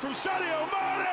from Sadio Mane!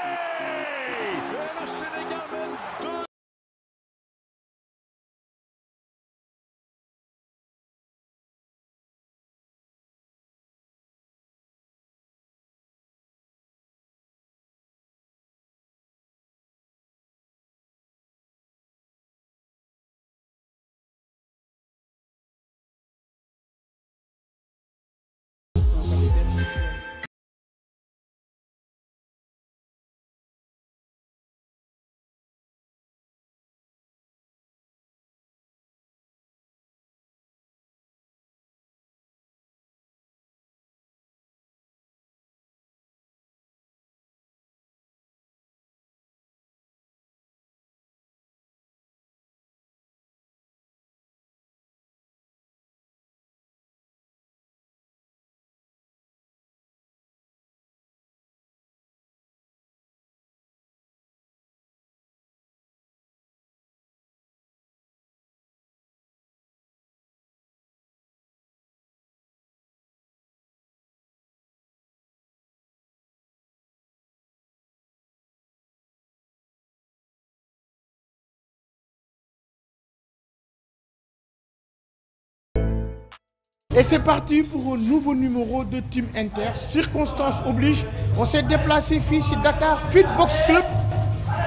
Et c'est parti pour un nouveau numéro de Team Inter. Circonstances obligent. On s'est déplacé ici Dakar Fitbox Club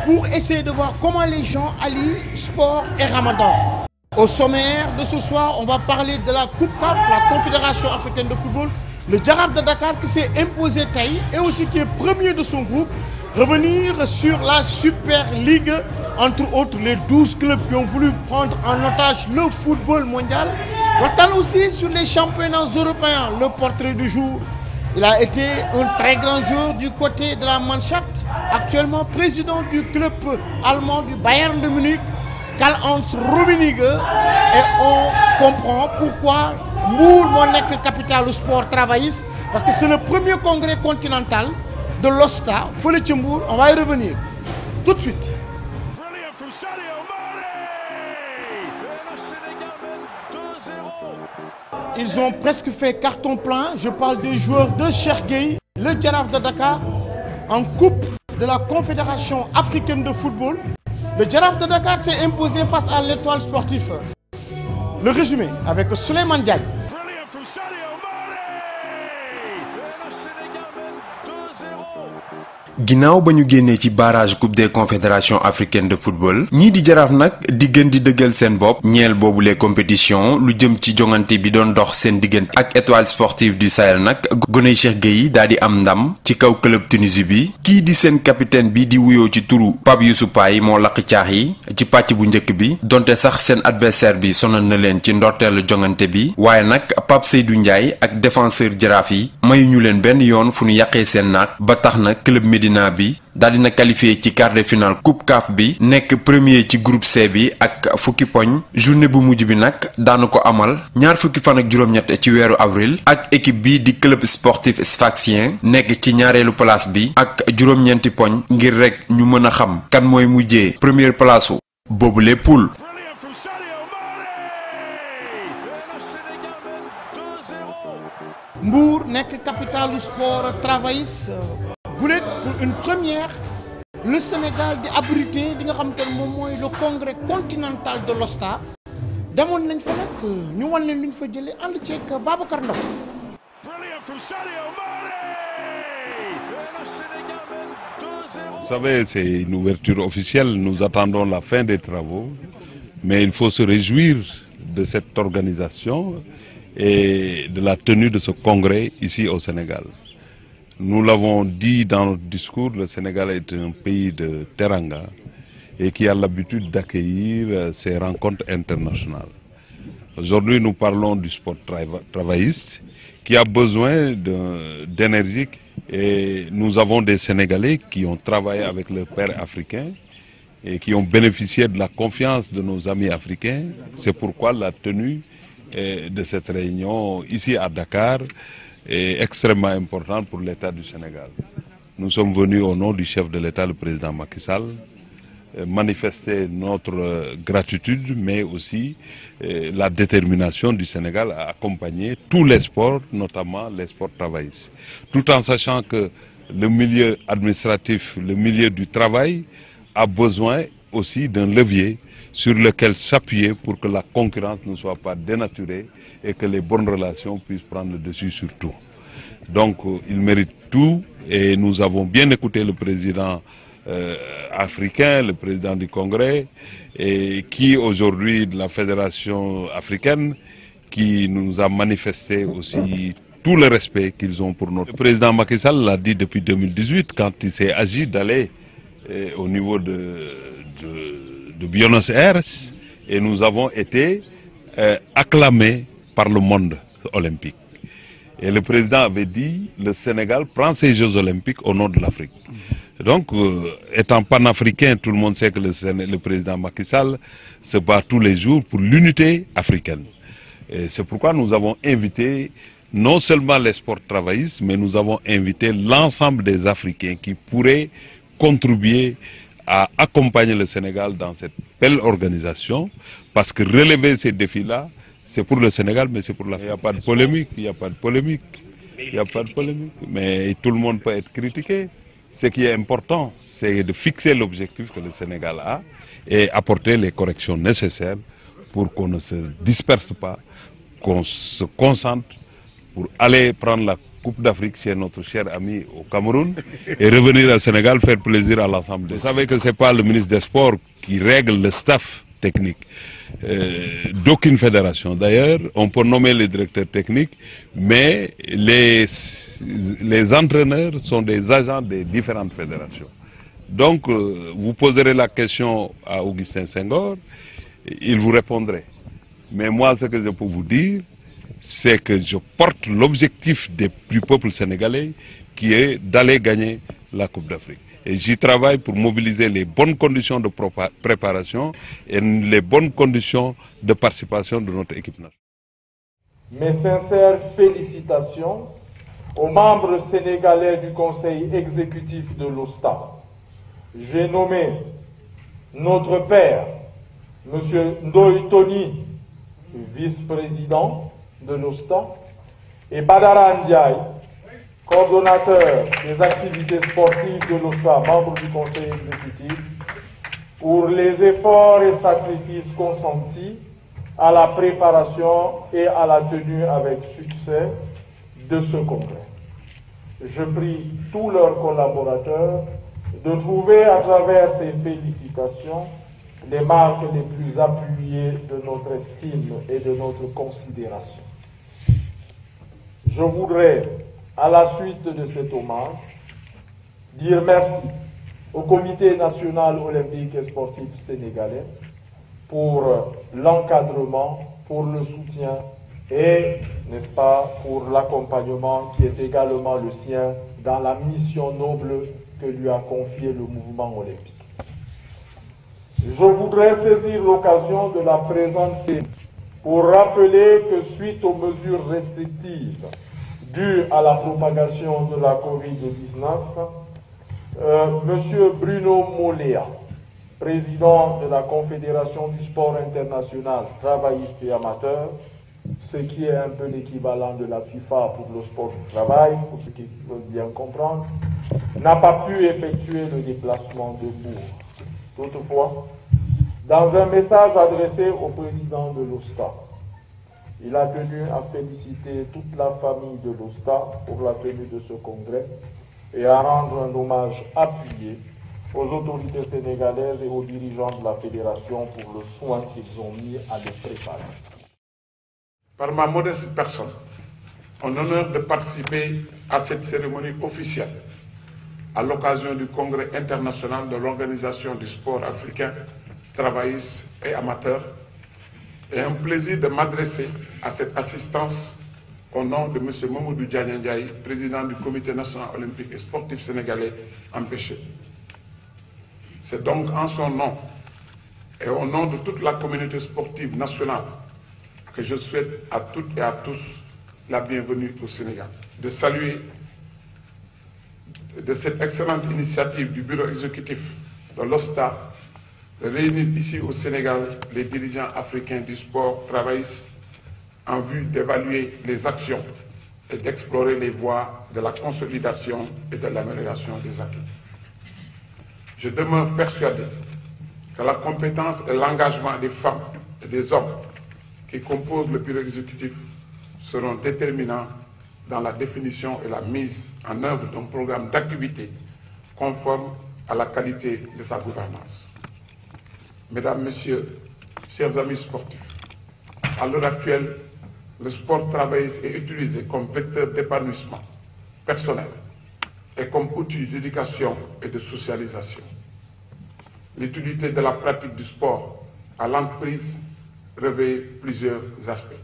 pour essayer de voir comment les gens allient sport et ramadan. Au sommaire de ce soir, on va parler de la Coupe CAF, la Confédération africaine de football, le Djaraf de Dakar qui s'est imposé Taï et aussi qui est premier de son groupe. Revenir sur la Super League, entre autres les 12 clubs qui ont voulu prendre en otage le football mondial parle aussi sur les championnats européens, le portrait du jour. Il a été un très grand jour du côté de la Mannschaft, actuellement président du club allemand du Bayern de Munich, Karl-Heinz Rummenigge. Et on comprend pourquoi Mbour que capital au sport travailliste parce que c'est le premier congrès continental de l'OSTA fële On va y revenir tout de suite. Ils ont presque fait carton plein. Je parle des joueurs de Cherguey, le Djaraf de Dakar, en coupe de la Confédération africaine de football. Le Djaraf de Dakar s'est imposé face à l'étoile sportive. Le résumé avec Suleiman Diagne. ginnaaw ba ñu génnee ci barage coupe de confédération africaines de football ñii di jaraaf nag di gën di dëggal seen bopp ñeel boobu les compétitions lu jëm ci jongante bi doon dox seen diggante ak étoile sportive du Sahel nag goney Cheikh Gueye daal di am ndam ci kaw club Tunisie bi kii di seen capitaine bi di wuyoo ci turu Pape Youssou Paye moo laq caax yi ci pàcc bu njëkk bi donte sax seen adversaire bi sonal na leen ci ndorteelu jongante bi waaye nag Pape Seydou Ndiaye ak défenseur jaraaf yi mayuñu leen benn yoon fu ñu yàqee seen naak ba tax na club Medina bi daal dina qualifié ci quart de finale coupe CAF bi nekk premier ci group C bi ak fukki poñ journée bu mujj bi nag daanu ko amal ñaar fukki ak ci weeru avril ak équipe bi di club sportif sfaxien nekk ci ñaareelu place bi ak juróom poñ ngir rekk ñu mën a xam kan mooy mujjee première place boobu les poules êtes pour une première le Sénégal di abrité, le congrès continental de l'OSTA nañ fa nous ñu fa Vous savez, c'est une ouverture officielle. Nous attendons la fin des travaux. Mais il faut se réjouir de cette organisation et de la tenue de ce congrès ici au Sénégal. Nous l'avons dit dans notre discours, le Sénégal est un pays de teranga et qui a l'habitude d'accueillir euh, ses rencontres internationales. Aujourd'hui, nous parlons du sport travailliste qui a besoin d'énergie et nous avons des Sénégalais qui ont travaillé avec leurs père africains et qui ont bénéficié de la confiance de nos amis africains. C'est pourquoi la tenue euh, de cette réunion ici à Dakar est extrêmement important pour l'État du Sénégal. Nous sommes venus au nom du chef de l'État, le président Macky Sall, euh, manifester notre euh, gratitude, mais aussi euh, la détermination du Sénégal à accompagner tous les sports, notamment les sports travaillistes. Tout en sachant que le milieu administratif, le milieu du travail, a besoin aussi d'un levier sur lequel s'appuyer pour que la concurrence ne soit pas dénaturée et que les bonnes relations puissent prendre le dessus sur tout. Donc euh, il mérite tout et nous avons bien écouté le président euh, africain, le président du Congrès, et qui aujourd'hui de la Fédération africaine, qui nous a manifesté aussi tout le respect qu'ils ont pour notre. Le président Macky Sall l'a dit depuis 2018 quand il s'est agi d'aller euh, au niveau de, de, de, et nous avons été acclamés par le monde olympique. Et le président avait dit, le Sénégal prend ses Jeux olympiques au nom de l'Afrique. Donc, euh, étant panafricain, tout le monde sait que le, le, président Macky Sall se bat tous les jours pour l'unité africaine. C'est pourquoi nous avons invité non seulement les sports travaillistes, mais nous avons invité l'ensemble des Africains qui pourraient contribuer à accompagner le Sénégal dans cette belle organisation, parce que relever ces défis-là, c'est pour le Sénégal, mais c'est pour la. Il n'y a pas de polémique, il n'y a pas de polémique. Il n'y a pas de polémique. Mais tout le monde peut être critiqué. Ce qui est important, c'est de fixer l'objectif que le Sénégal a et apporter les corrections nécessaires pour qu'on ne se disperse pas, qu'on se concentre pour aller prendre la Coupe d'Afrique chez notre cher ami au Cameroun et revenir au Sénégal faire plaisir à l'ensemble. Vous savez que ce n'est pas le ministre des Sports qui règle le staff technique. Euh, d'aucune fédération. D'ailleurs, on peut nommer les directeurs techniques, mais les, les entraîneurs sont des agents des différentes fédérations. Donc, euh, vous poserez la question à Augustin Senghor, il vous répondrait. Mais moi, ce que je peux vous dire, c'est que je porte l'objectif du peuple sénégalais qui est d'aller gagner la Coupe d'Afrique. Et j'y travaille pour mobiliser les bonnes conditions de préparation et les bonnes conditions de participation de notre équipe nationale. Mes sincères félicitations aux membres sénégalais du Conseil exécutif de l'OSTA. J'ai nommé notre père, M. Ndoy vice-président de l'OSTA, et Badara Ndiaye, coordonnateur des activités sportives de l'OSPA, membre du conseil exécutif, pour les efforts et sacrifices consentis à la préparation et à la tenue avec succès de ce congrès. Je prie tous leurs collaborateurs de trouver à travers ces félicitations les marques les plus appuyées de notre estime et de notre considération. Je voudrais à la suite de cet hommage, dire merci au Comité national olympique et sportif sénégalais pour l'encadrement, pour le soutien et, n'est-ce pas, pour l'accompagnement qui est également le sien dans la mission noble que lui a confiée le mouvement olympique. Je voudrais saisir l'occasion de la présence pour rappeler que suite aux mesures restrictives Dû à la propagation de la COVID-19, euh, M. Bruno Moléa, président de la Confédération du sport international, travailliste et amateur, ce qui est un peu l'équivalent de la FIFA pour le sport du travail, pour ceux qui veulent bien comprendre, n'a pas pu effectuer le déplacement de Bourg. Toutefois, dans un message adressé au président de l'OSTA, il a tenu à féliciter toute la famille de l'OSTA pour la tenue de ce congrès et à rendre un hommage appuyé aux autorités sénégalaises et aux dirigeants de la fédération pour le soin qu'ils ont mis à les préparer. Par ma modeste personne, en honneur de participer à cette cérémonie officielle à l'occasion du congrès international de l'Organisation du sport africain, travailliste et amateur et un plaisir de m'adresser à cette assistance au nom de M. Mamoudou Ndiaye, président du Comité national olympique et sportif sénégalais empêché. C'est donc en son nom et au nom de toute la communauté sportive nationale que je souhaite à toutes et à tous la bienvenue au Sénégal. De saluer de cette excellente initiative du bureau exécutif de l'OSTA Réunis ici au Sénégal les dirigeants africains du sport travaillent en vue d'évaluer les actions et d'explorer les voies de la consolidation et de l'amélioration des acquis. Je demeure persuadé que la compétence et l'engagement des femmes et des hommes qui composent le bureau exécutif seront déterminants dans la définition et la mise en œuvre d'un programme d'activité conforme à la qualité de sa gouvernance. Mesdames, Messieurs, chers amis sportifs, à l'heure actuelle, le sport travaille et utilisé comme vecteur d'épanouissement personnel et comme outil d'éducation et de socialisation. L'utilité de la pratique du sport à l'entreprise révèle plusieurs aspects.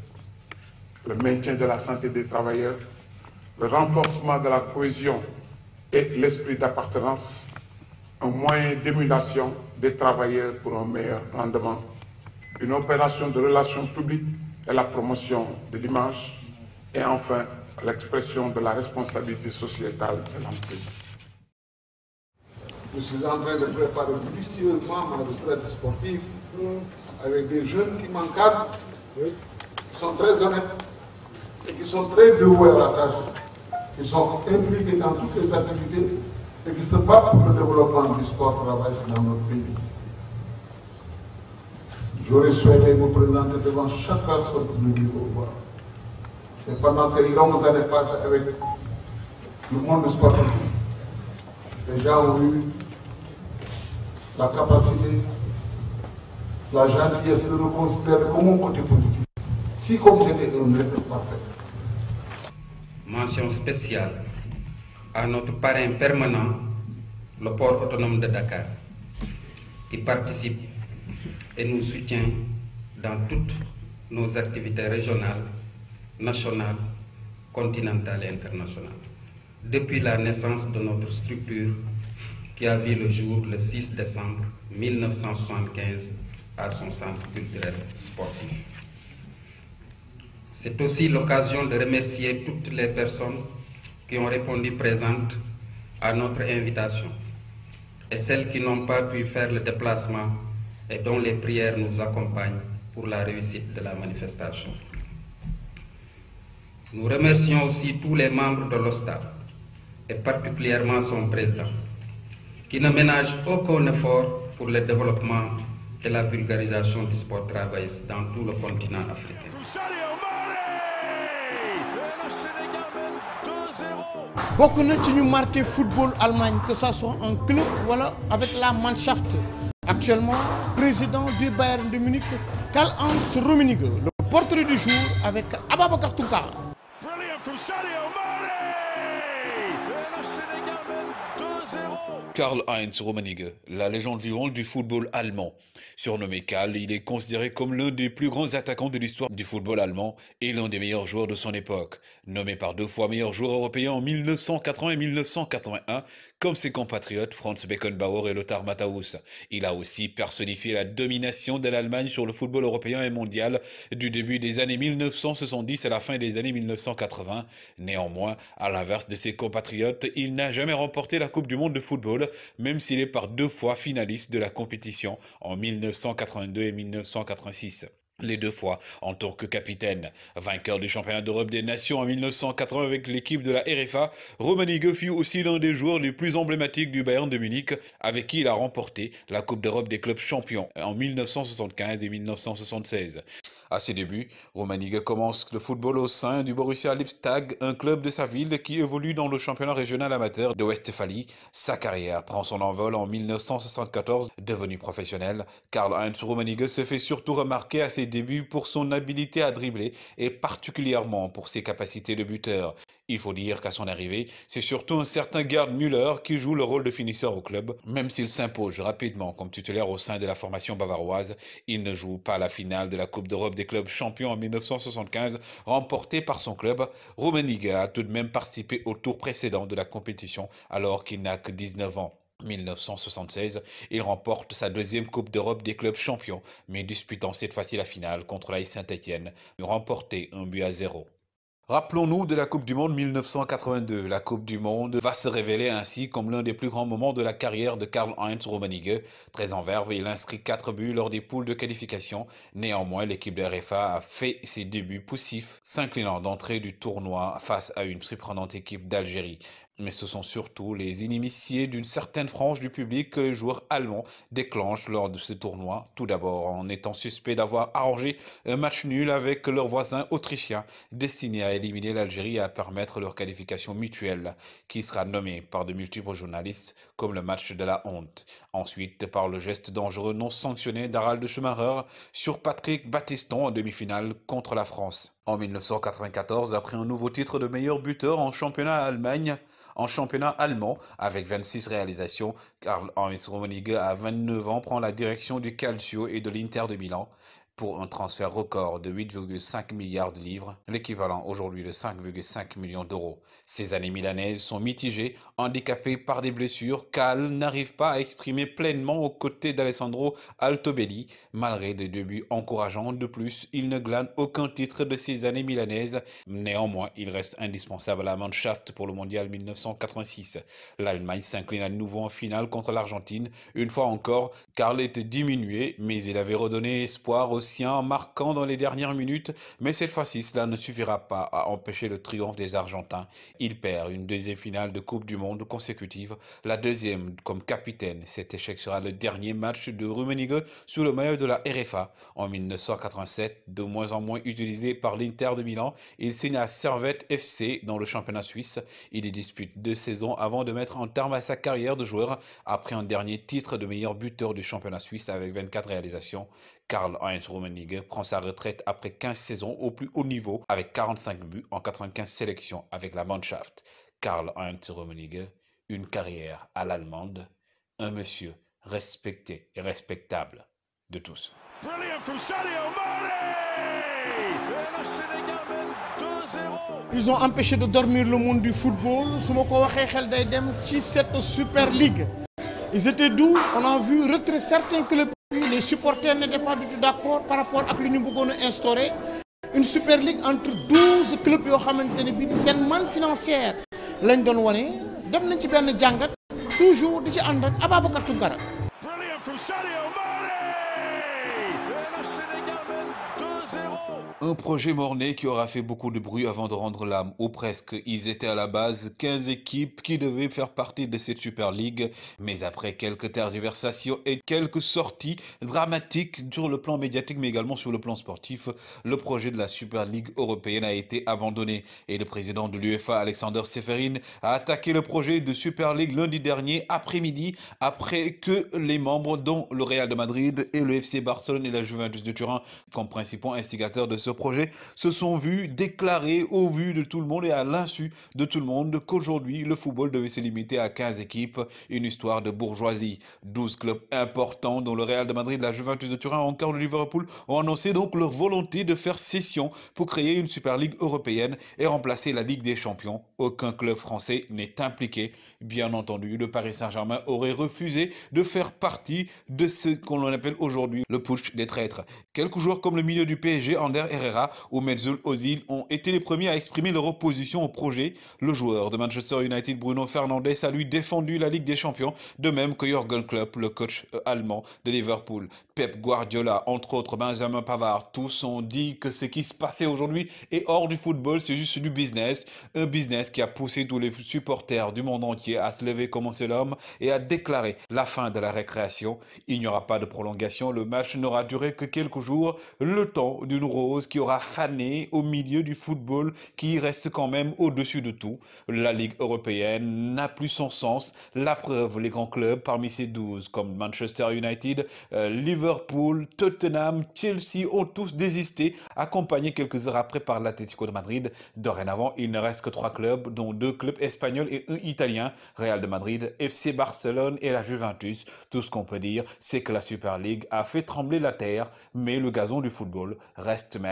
Le maintien de la santé des travailleurs, le renforcement de la cohésion et l'esprit d'appartenance, un moyen d'émulation des travailleurs pour un meilleur rendement, une opération de relations publiques et la promotion de l'image, et enfin l'expression de la responsabilité sociétale de l'entreprise. Je suis en train de préparer lucieusement ma retraite sportive avec des jeunes qui m'encadrent, qui sont très honnêtes et qui sont très doués à la tâche, qui sont impliqués dans toutes les activités et qui se battent pour le développement du sport travail dans notre pays. J'aurais souhaité vous présenter devant chaque personne que nous vivons au Et pendant ces longues années passées avec le monde sportif, les gens ont eu la capacité, la gentillesse de nous considérer comme un côté positif. Si comme j'étais un être parfait. Mention spéciale à notre parrain permanent, le port autonome de Dakar, qui participe et nous soutient dans toutes nos activités régionales, nationales, continentales et internationales. Depuis la naissance de notre structure, qui a vu le jour le 6 décembre 1975 à son centre culturel sportif. C'est aussi l'occasion de remercier toutes les personnes qui ont répondu présentes à notre invitation et celles qui n'ont pas pu faire le déplacement et dont les prières nous accompagnent pour la réussite de la manifestation. Nous remercions aussi tous les membres de l'OSTA et particulièrement son président, qui ne ménage aucun effort pour le développement et la vulgarisation du sport travail dans tout le continent africain. Beaucoup na nous marquent marqué football Allemagne que ce soit en club voilà, avec la Mannschaft actuellement président du Bayern de Munich Karl-Heinz Rummenigge le portrait du jour avec Sadio Toukara Karl-Heinz Rummenigge, la légende vivante du football allemand. Surnommé Karl, il est considéré comme l'un des plus grands attaquants de l'histoire du football allemand et l'un des meilleurs joueurs de son époque. Nommé par deux fois meilleur joueur européen en 1980 et 1981, comme ses compatriotes Franz Beckenbauer et Lothar Matthäus. Il a aussi personnifié la domination de l'Allemagne sur le football européen et mondial du début des années 1970 à la fin des années 1980. Néanmoins, à l'inverse de ses compatriotes, il n'a jamais remporté la Coupe du monde de football même s'il est par deux fois finaliste de la compétition en 1982 et 1986 les deux fois en tant que capitaine. Vainqueur du championnat d'Europe des Nations en 1980 avec l'équipe de la RFA, Romanigue fut aussi l'un des joueurs les plus emblématiques du Bayern de Munich, avec qui il a remporté la Coupe d'Europe des clubs champions en 1975 et 1976. À ses débuts, Romanigue commence le football au sein du Borussia lipstag un club de sa ville qui évolue dans le championnat régional amateur de Westphalie. Sa carrière prend son envol en 1974, devenu professionnel. Karl-Heinz Romanigue se fait surtout remarquer à ses débuts pour son habileté à dribbler et particulièrement pour ses capacités de buteur. Il faut dire qu'à son arrivée, c'est surtout un certain Gerd Müller qui joue le rôle de finisseur au club. Même s'il s'impose rapidement comme titulaire au sein de la formation bavaroise, il ne joue pas la finale de la Coupe d'Europe des clubs champions en 1975 remportée par son club. Rummenigge a tout de même participé au tour précédent de la compétition alors qu'il n'a que 19 ans. 1976, il remporte sa deuxième Coupe d'Europe des clubs champions, mais disputant cette fois-ci la finale contre l'AS Saint-Étienne, remportait un but à zéro. Rappelons-nous de la Coupe du Monde 1982. La Coupe du Monde va se révéler ainsi comme l'un des plus grands moments de la carrière de Karl-Heinz Rummenigge. Très en verve, il inscrit 4 buts lors des poules de qualification. Néanmoins, l'équipe de RFA a fait ses débuts poussifs, s'inclinant d'entrée du tournoi face à une surprenante équipe d'Algérie. Mais ce sont surtout les inimitiés d'une certaine frange du public que les joueurs allemands déclenchent lors de ce tournoi, tout d'abord en étant suspects d'avoir arrangé un match nul avec leur voisin autrichien, destiné à éliminer l'Algérie et à permettre leur qualification mutuelle, qui sera nommée par de multiples journalistes comme le match de la honte. Ensuite, par le geste dangereux non sanctionné d'Harald Schumacher sur Patrick Battiston en demi-finale contre la France. En 1994, après un nouveau titre de meilleur buteur en championnat à Allemagne, en championnat allemand avec 26 réalisations. Karl-Heinz Rummenigge à 29 ans prend la direction du Calcio et de l'Inter de Milan pour un transfert record de 8,5 milliards de livres, l'équivalent aujourd'hui de 5,5 millions d'euros. Ces années milanaises sont mitigées, handicapées par des blessures, qu'Al n'arrive pas à exprimer pleinement aux côtés d'Alessandro Altobelli. Malgré des débuts encourageants, de plus, il ne glane aucun titre de ces années milanaises. Néanmoins, il reste indispensable à la Mannschaft pour le mondial 1986. L'Allemagne s'incline à nouveau en finale contre l'Argentine, une fois encore, Karl était diminué, mais il avait redonné espoir aux marquant dans les dernières minutes, mais cette fois-ci, cela ne suffira pas à empêcher le triomphe des Argentins. Il perd une deuxième finale de Coupe du Monde consécutive, la deuxième comme capitaine. Cet échec sera le dernier match de Rummenigge sous le maillot de la RFA. En 1987, de moins en moins utilisé par l'Inter de Milan, il signe à Servette FC dans le championnat suisse. Il y dispute deux saisons avant de mettre en terme à sa carrière de joueur après un dernier titre de meilleur buteur du championnat suisse avec 24 réalisations. Karl-Heinz Rummenigge prend sa retraite après 15 saisons au plus haut niveau avec 45 buts en 95 sélections avec la Mannschaft. Karl-Heinz Rummenigge, une carrière à l'allemande, un monsieur respecté et respectable de tous. Ils ont empêché de dormir le monde du football. cette Super League. Ils étaient 12, on a vu retrait certains clubs. Les supporters n'étaient pas du tout d'accord par rapport à ce que nous avons instaurer une super ligue entre 12 clubs et une ne financière. di seen manne financière lañ doon wane dem nañ ci benn jàngat toujours di ci un ak de temps. Un projet morné qui aura fait beaucoup de bruit avant de rendre l'âme, ou presque. Ils étaient à la base 15 équipes qui devaient faire partie de cette Super League, mais après quelques tergiversations et quelques sorties dramatiques sur le plan médiatique mais également sur le plan sportif, le projet de la Super League européenne a été abandonné et le président de l'UEFA, Alexander Seferin, a attaqué le projet de Super League lundi dernier après-midi après que les membres, dont le Real de Madrid et le FC Barcelone et la Juventus de Turin, comme principaux instigateurs de ce projet se sont vus déclarer au vu de tout le monde et à l'insu de tout le monde qu'aujourd'hui le football devait se limiter à 15 équipes, une histoire de bourgeoisie. 12 clubs importants dont le Real de Madrid, la Juventus de Turin, encore le Liverpool ont annoncé donc leur volonté de faire session pour créer une Super Ligue européenne et remplacer la Ligue des Champions. Aucun club français n'est impliqué. Bien entendu, le Paris Saint-Germain aurait refusé de faire partie de ce qu'on appelle aujourd'hui le push des traîtres. Quelques joueurs comme le milieu du PSG, Ander et ou Metzoul Ozil ont été les premiers à exprimer leur opposition au projet. Le joueur de Manchester United Bruno Fernandes a lui défendu la Ligue des Champions, de même que Jürgen Klopp, le coach euh, allemand de Liverpool. Pep Guardiola, entre autres Benjamin Pavard, tous ont dit que ce qui se passait aujourd'hui est hors du football, c'est juste du business. Un business qui a poussé tous les supporters du monde entier à se lever comme c'est l'homme et à déclarer la fin de la récréation. Il n'y aura pas de prolongation, le match n'aura duré que quelques jours, le temps d'une rose qui aura fané au milieu du football qui reste quand même au-dessus de tout. La Ligue européenne n'a plus son sens. La preuve, les grands clubs parmi ces 12 comme Manchester United, euh, Liverpool, Tottenham, Chelsea ont tous désisté, accompagnés quelques heures après par l'Atlético de Madrid. Dorénavant, il ne reste que trois clubs, dont deux clubs espagnols et un italien, Real de Madrid, FC Barcelone et la Juventus. Tout ce qu'on peut dire, c'est que la Super League a fait trembler la terre, mais le gazon du football reste même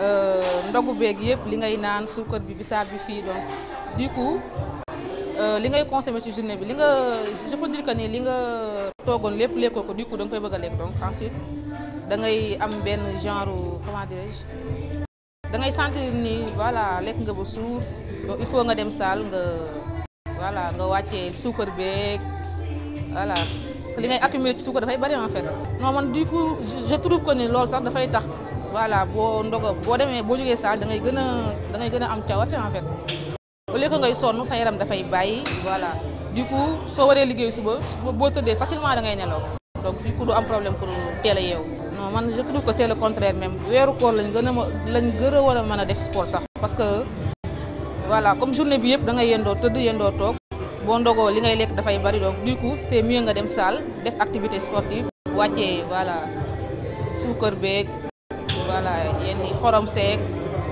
Euh, ndogu beeg yëpp li ngay naan suukar bi bisaab bi fii donc du coup euh, li ngay consommer ci journée bi li nga je peux dire que ni li nga toogoon lépp lekkoo ko du koy bëgg a lekk donc ensuite da ngay am benn genre comment dirais-je da ngay sentir ni voilà lekk nga ba suur donc il faut nga dem saal nga voilà nga wàccee suukar beeg voilà parce que li ngay accumuler ci suukar dafay bari en fait non man du coup je trouve que ni loolu sax dafay tax voilà boo ndogo boo demee boo jógee saal da ngay gën a da ngay gën a am cawarte en fait au ngay sonn sa yaram dafay bàyyi voilà du soo waree liggéey suba boo tëddee facilement da ngay nelaw donc du coup du am problème pour teel a yeewu non man je trouve que c'est le contraire même weeru koor lañ gën a ma lañ gën a war a mën a def sport sax parce que voilà comme journée bi yëpp da yendoo tëdd yendoo toog boo ndogoo li ngay lekk dafay bari donc du coup c'est nga dem salle def activité sportive wàccee voilà suukar beeg voilà yenn xorom sék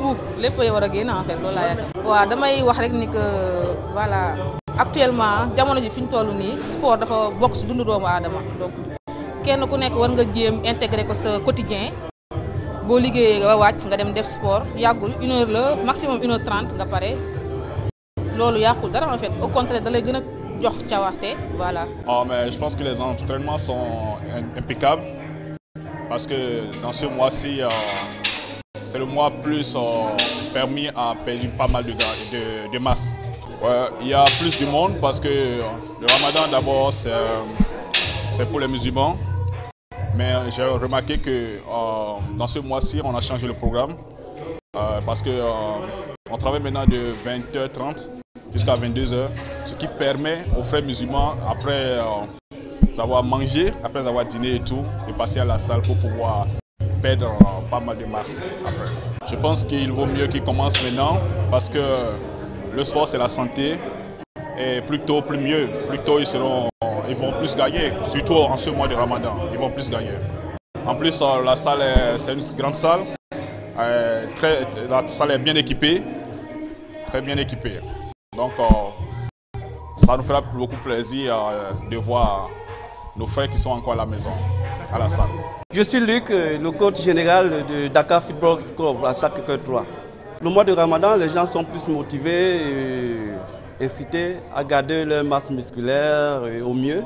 tout lépp a war a en fait loolu laa yaakaar. waaw damay wax rek ni que voilà actuellement jamono ji fiñ ñu ni sport dafa bokk si dundu doomu aadama donc kenn ku nek war nga jéem intégrer ko sa quotidien bo liggéey nga wacc nga dem def sport yagul 1 heure la maximum 1 heure 30 nga paré lolou yakul dara en fait au contraire dalay gëna gën a jox cawarte voilà. ah mais je pense que les entraînements sont impeccables. Parce que dans ce mois-ci, euh, c'est le mois plus euh, permis à perdre pas mal de, de, de masse. Il y a plus de monde parce que euh, le ramadan d'abord c'est pour les musulmans. Mais j'ai remarqué que dans ce mois-ci on a changé le programme parce qu'on on travaille maintenant de 20h30 jusqu'à 22h, ce qui permet aux frères musulmans, après avoir mangé, après avoir dîné et tout, et passer à la salle pour pouvoir perdre euh, pas mal de masse Je pense qu'il vaut mieux qu'ils commencent maintenant parce que le sport c'est la santé et plus tôt plus mieux, plus tôt ils seront, ils vont plus gagner, surtout en ce mois de Ramadan, ils vont plus gagner. En plus euh, la salle c'est une grande salle, euh, très, la salle est bien équipée, très bien équipée. Donc ça nous fera beaucoup plaisir de voir nos frères qui sont encore à la maison, à la salle. Je suis Luc, euh, le coach général de Dakar Football Club à chaque 3. Le mois de Ramadan, les gens sont plus motivés et euh, incités à garder leur masse musculaire euh, au mieux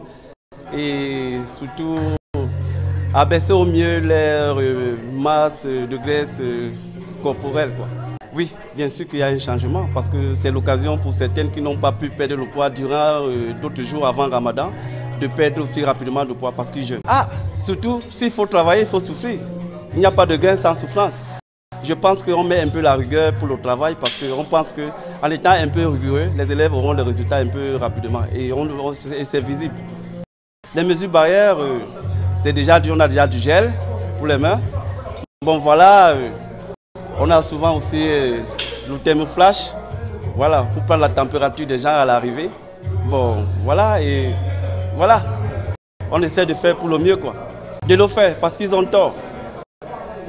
et surtout à baisser au mieux leur masse de graisse corporelle. Oui, bien sûr qu'il y a un changement parce que c'est l'occasion pour certaines qui n'ont pas pu perdre le poids durant d'autres jours avant Ramadan de perdre aussi rapidement de poids parce que je... Ah, surtout, s'il faut travailler, il faut souffrir. Il n'y a pas de gain sans souffrance. Je pense qu'on met un peu la rigueur pour le travail parce qu'on pense qu'en étant un peu rigoureux, les élèves auront le résultat un peu rapidement et, c'est visible. Les mesures barrières, euh, c'est déjà on a déjà du gel pour les mains. Bon voilà, euh, on a souvent aussi euh, le flash. voilà, pour prendre la température des gens à l'arrivée. Bon voilà et voilà. On essaie de faire pour le mieux, quoi. De le faire, parce qu'ils ont tort.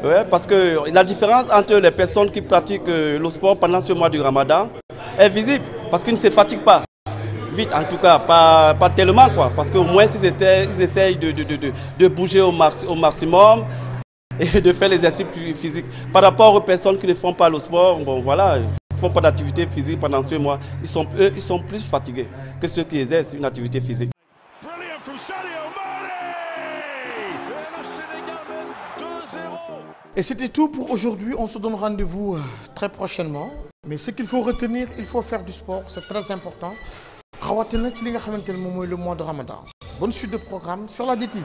Ouais, parce que la différence entre les personnes qui pratiquent euh, le sport pendant ce mois du ramadan est visible, parce qu'ils ne se fatiguent pas. Vite, en tout cas, pas, tellement, quoi. Parce qu'au moins, ils, essayent de, de, bouger au, maximum, et de faire l'exercice physique. Par rapport aux personnes qui ne font pas le sport, bon voilà, ne font pas d'activité physique pendant ce mois, ils sont, eux, ils sont plus fatigués que ceux qui exercent une activité physique. Et c'était tout pour aujourd'hui. On se donne rendez-vous euh, très prochainement. Mais ce qu'il faut retenir, il faut faire du sport. C'est très important. le mois de Ramadan. Bonne suite de programme sur la DTV.